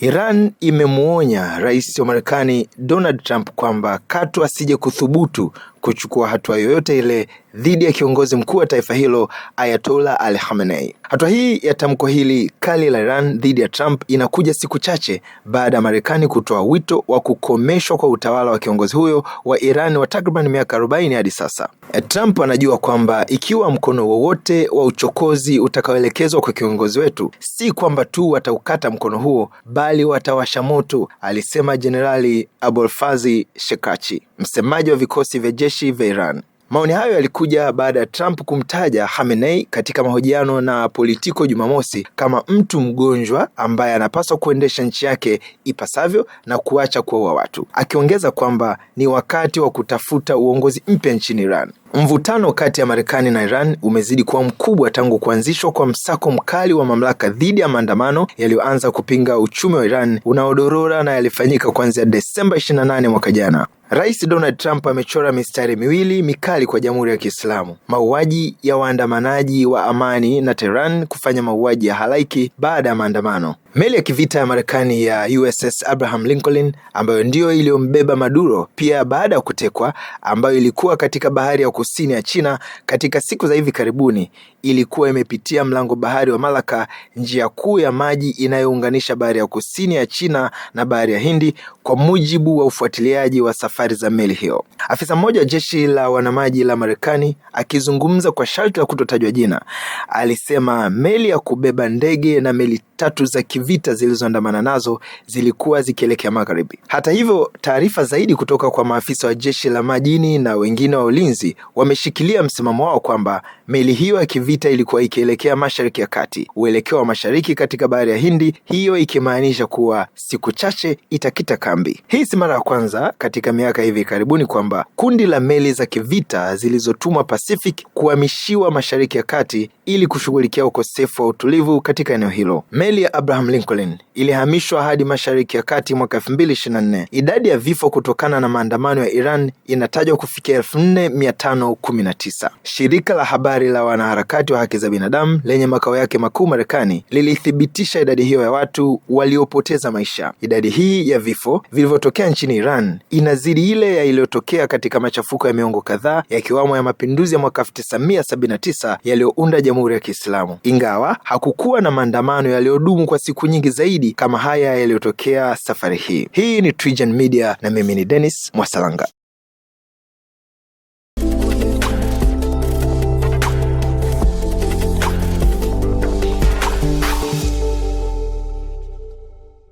Iran imemuonya rais wa Marekani Donald Trump kwamba katu asije kuthubutu kuchukua hatua yoyote ile dhidi ya kiongozi mkuu wa taifa hilo Ayatollah Ali Khamenei. Hatua hii ya tamko hili kali la Iran dhidi ya Trump inakuja siku chache baada ya Marekani kutoa wito wa kukomeshwa kwa utawala wa kiongozi huyo wa Iran wa takriban miaka 40 hadi sasa. Eh, Trump anajua kwamba ikiwa mkono wowote wa uchokozi utakaoelekezwa kwa kiongozi wetu, si kwamba tu wataukata mkono huo, bali watawasha moto, alisema Jenerali Abolfazi Shekachi, msemaji wa vikosi vya jeshi vya Iran. Maoni hayo yalikuja baada ya Trump kumtaja Khamenei katika mahojiano na Politico Jumamosi kama mtu mgonjwa ambaye anapaswa kuendesha nchi yake ipasavyo na kuacha kuua watu, akiongeza kwamba ni wakati wa kutafuta uongozi mpya nchini Iran. Mvutano kati ya Marekani na Iran umezidi kuwa mkubwa tangu kuanzishwa kwa msako mkali wa mamlaka dhidi ya maandamano yaliyoanza kupinga uchumi wa Iran unaodorora na yalifanyika kuanzia Desemba 28 mwaka jana. Rais Donald Trump amechora mistari miwili mikali kwa Jamhuri ya Kiislamu: mauaji ya waandamanaji wa amani na Tehran kufanya mauaji ya halaiki baada ya maandamano. Meli ya kivita ya Marekani ya USS Abraham Lincoln ambayo ndiyo iliyombeba Maduro pia baada ya kutekwa, ambayo ilikuwa katika bahari ya kusini ya China katika siku za hivi karibuni, ilikuwa imepitia mlango bahari wa Malaka, njia kuu ya maji inayounganisha bahari ya kusini ya China na bahari ya Hindi, kwa mujibu wa ufuatiliaji wa safari safari za meli hiyo. Afisa mmoja wa jeshi la wanamaji la Marekani akizungumza kwa sharti la kutotajwa jina, alisema meli ya kubeba ndege na meli tatu za kivita zilizoandamana nazo zilikuwa zikielekea magharibi. Hata hivyo, taarifa zaidi kutoka kwa maafisa wa jeshi la majini na wengine wa ulinzi wameshikilia msimamo wao kwamba meli hiyo ya kivita ilikuwa ikielekea mashariki ya kati, uelekeo wa mashariki katika bahari ya Hindi, hiyo ikimaanisha kuwa siku chache itakita kambi. Hii si mara ya kwanza katika miaka hivi karibuni kwamba kundi la meli za kivita zilizotumwa Pacific kuhamishiwa Mashariki ya Kati ili kushughulikia ukosefu wa utulivu katika eneo hilo. Meli ya Abraham Lincoln ilihamishwa hadi Mashariki ya Kati mwaka 2024. Idadi ya vifo kutokana na maandamano ya Iran inatajwa kufikia 4519. Shirika la habari la wanaharakati wa haki za binadamu lenye makao yake makuu Marekani lilithibitisha idadi hiyo ya watu waliopoteza maisha. Idadi hii ya vifo vilivyotokea nchini Iran inazidi Hali ile ya iliyotokea katika machafuko ya miongo kadhaa yakiwamo ya mapinduzi ya mwaka 1979 yaliyounda Jamhuri ya Kiislamu, ingawa hakukuwa na maandamano yaliyodumu kwa siku nyingi zaidi kama haya yaliyotokea safari hii. Hii ni TriGen Media na mimi ni Dennis Mwasalanga.